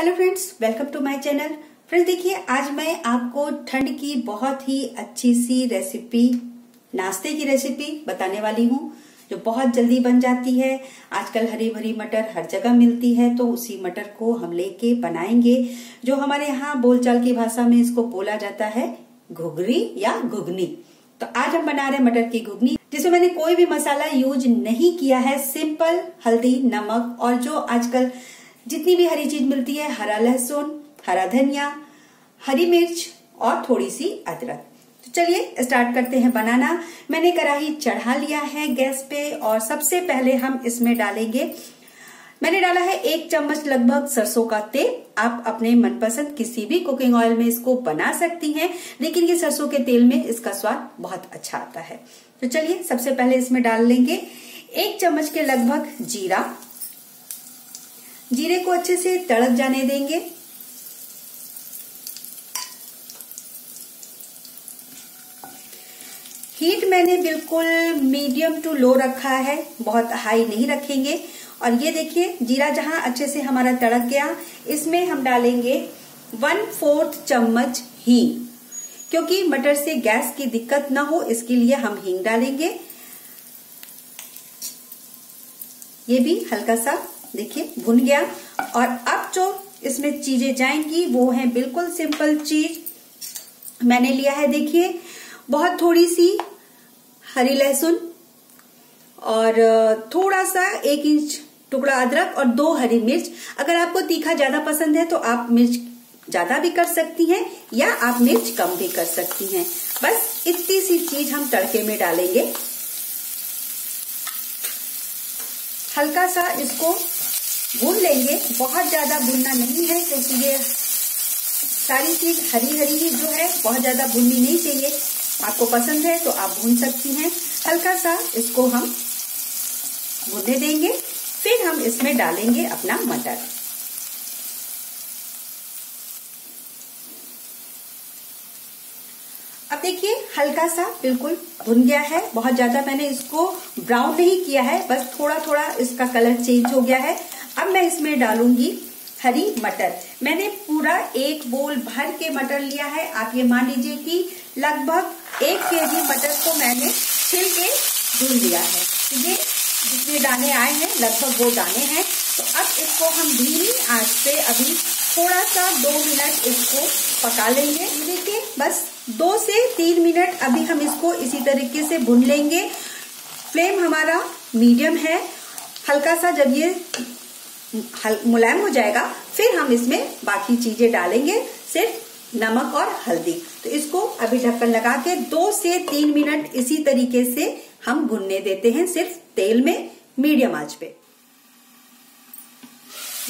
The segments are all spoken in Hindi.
hello friends welcome to my channel friends देखिए आज मैं आपको ठंड की बहुत ही अच्छी सी रेसिपी नाश्ते की रेसिपी बताने वाली हूँ जो बहुत जल्दी बन जाती है आजकल हरी भरी मटर हर जगह मिलती है तो उसी मटर को हम लेके बनाएंगे जो हमारे यहाँ बोलचाल की भाषा में इसको बोला जाता है घुघरी या घुगनी तो आज हम बना रहे मटर की घुगनी जिसमें मैंने कोई भी मसाला यूज नहीं किया है सिंपल हल्दी नमक और जो आजकल जितनी भी हरी चीज मिलती है हरा लहसुन हरा धनिया हरी मिर्च और थोड़ी सी अदरक तो चलिए स्टार्ट करते हैं बनाना मैंने कढ़ाई चढ़ा लिया है गैस पे और सबसे पहले हम इसमें डालेंगे मैंने डाला है एक चम्मच लगभग सरसों का तेल आप अपने मनपसंद किसी भी कुकिंग ऑयल में इसको बना सकती हैं लेकिन ये सरसों के तेल में इसका स्वाद बहुत अच्छा आता है तो चलिए सबसे पहले इसमें डाल लेंगे एक चम्मच के लगभग जीरा जीरे को अच्छे से तड़क जाने देंगे हीट मैंने बिल्कुल मीडियम टू लो रखा है बहुत हाई नहीं रखेंगे और ये देखिए जीरा जहां अच्छे से हमारा तड़क गया इसमें हम डालेंगे वन फोर्थ चम्मच ही क्योंकि मटर से गैस की दिक्कत ना हो इसके लिए हम हींग डालेंगे ये भी हल्का सा देखिए भुन गया और अब जो इसमें चीजें जाएंगी वो है बिल्कुल सिंपल चीज मैंने लिया है देखिए बहुत थोड़ी सी हरी लहसुन और थोड़ा सा एक इंच टुकड़ा अदरक और दो हरी मिर्च अगर आपको तीखा ज्यादा पसंद है तो आप मिर्च ज्यादा भी कर सकती हैं या आप मिर्च कम भी कर सकती हैं बस इतनी सी चीज हम तड़के में डालेंगे हल्का सा इसको भून लेंगे बहुत ज़्यादा भूनना नहीं है क्योंकि ये सारी चीज़ हरी हरी ही जो है बहुत ज़्यादा भूननी नहीं चाहिए आपको पसंद है तो आप भून सकती हैं हल्का सा इसको हम भूनने देंगे फिर हम इसमें डालेंगे अपना मटर अब देखिए हल्का सा बिल्कुल भुन गया है बहुत ज्यादा मैंने इसको ब्राउन नहीं किया है बस थोड़ा थोड़ा इसका कलर चेंज हो गया है अब मैं इसमें डालूंगी हरी मटर मैंने पूरा एक बोल भर के मटर लिया है आप ये मान लीजिए कि लगभग एक के जी मटर को मैंने छिल के धुल लिया है तो ये जितने दाने आए हैं लगभग वो दाने हैं तो अब इसको हम धीमी आंच पे अभी थोड़ा सा दो मिनट इसको पका लेंगे देखिए बस दो से तीन मिनट अभी हम इसको इसी तरीके से भून लेंगे फ्लेम हमारा मीडियम है हल्का सा जब ये मुलायम हो जाएगा फिर हम इसमें बाकी चीजें डालेंगे सिर्फ नमक और हल्दी तो इसको अभी ढक्कन लगा के दो से तीन मिनट इसी तरीके से हम भुनने देते हैं सिर्फ तेल में मीडियम आंच पे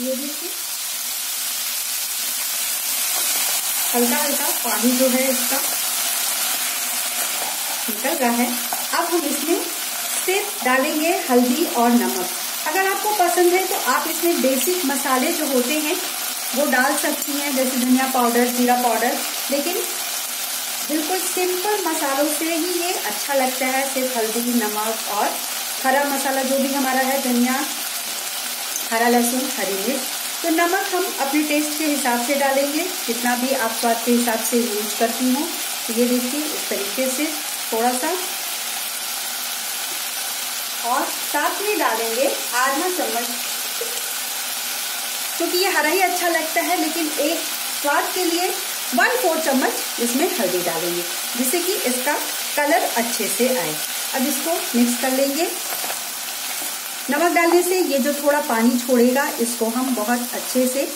ये देखिए हल्का हल्का पानी जो है इसका निकल रहा है अब हम इसमें सिर्फ डालेंगे हल्दी और नमक अगर आपको पसंद है तो आप इसमें बेसिक मसाले जो होते हैं वो डाल सकती हैं जैसे धनिया पाउडर जीरा पाउडर लेकिन बिल्कुल सिंपल मसालों से ही ये अच्छा लगता है सिर्फ हल्दी नमक और हरा मसाला जो भी हमारा है धनिया हरा लहसुन हरी मिर्च तो नमक हम अपने टेस्ट के हिसाब से डालेंगे जितना भी आप स्वाद के हिसाब से यूज करती हूँ तो ये देखिए इस तरीके से थोड़ा सा और साथ में डालेंगे आधा चम्मच क्योंकि ये हरा ही अच्छा लगता है लेकिन एक स्वाद के लिए वन फोर चम्मच इसमें हल्दी डालेंगे जिससे कि इसका कलर अच्छे से आए अब इसको मिक्स कर लेंगे नमक डालने से ये जो थोड़ा पानी छोड़ेगा इसको हम बहुत अच्छे से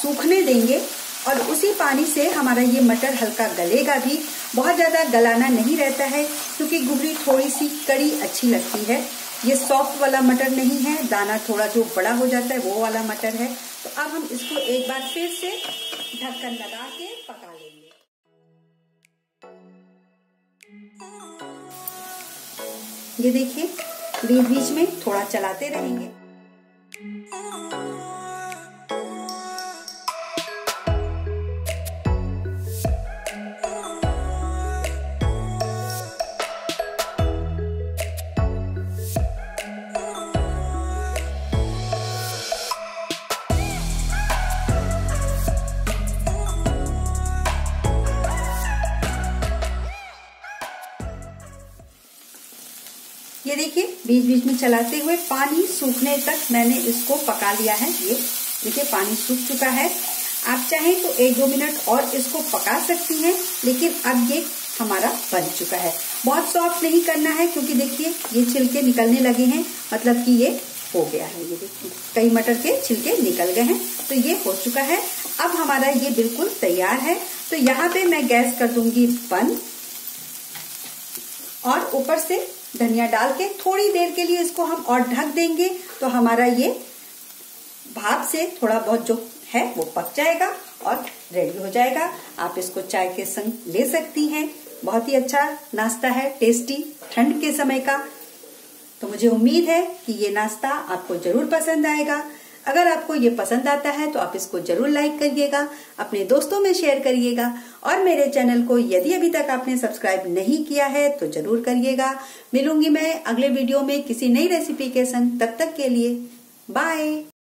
सूखने देंगे और उसी पानी से हमारा ये मटर हल्का गलेगा भी बहुत ज़्यादा गलाना नहीं रहता है क्योंकि गुबरी थोड़ी सी कड़ी अच्छी लगती है ये सॉफ्ट वाला मटर नहीं है दाना थोड़ा जो बड़ा हो जाता है वो वाला मटर है तो अब हम इसको एक बार फिर से ढक्कन लगा के पका लेंगे ये देखिए बीच बीच में थोड़ा चलाते रहेंगे देखिए बीच बीच में चलाते हुए पानी सूखने तक मैंने इसको पका लिया है ये देखिए पानी सूख चुका है आप चाहें तो एक दो मिनट और इसको पका सकती हैं लेकिन अब ये हमारा बन चुका है बहुत सॉफ्ट नहीं करना है क्योंकि देखिए ये छिलके निकलने लगे हैं मतलब कि ये हो गया है ये देखिए कई मटर के छिलके निकल गए हैं तो ये हो चुका है अब हमारा ये बिल्कुल तैयार है तो यहाँ पे मैं गैस कर दूंगी बंद और ऊपर से धनिया डाल के थोड़ी देर के लिए इसको हम और ढक देंगे तो हमारा ये भाप से थोड़ा बहुत जो है वो पक जाएगा और रेडी हो जाएगा आप इसको चाय के संग ले सकती हैं बहुत ही अच्छा नाश्ता है टेस्टी ठंड के समय का तो मुझे उम्मीद है कि ये नाश्ता आपको जरूर पसंद आएगा अगर आपको ये पसंद आता है तो आप इसको जरूर लाइक करिएगा अपने दोस्तों में शेयर करिएगा और मेरे चैनल को यदि अभी तक आपने सब्सक्राइब नहीं किया है तो जरूर करिएगा मिलूंगी मैं अगले वीडियो में किसी नई रेसिपी के संग तब तक के लिए बाय